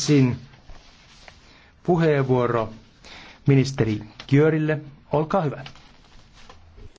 Sin puheenvuoro ministeri Kyörille. Olkaa hyvä.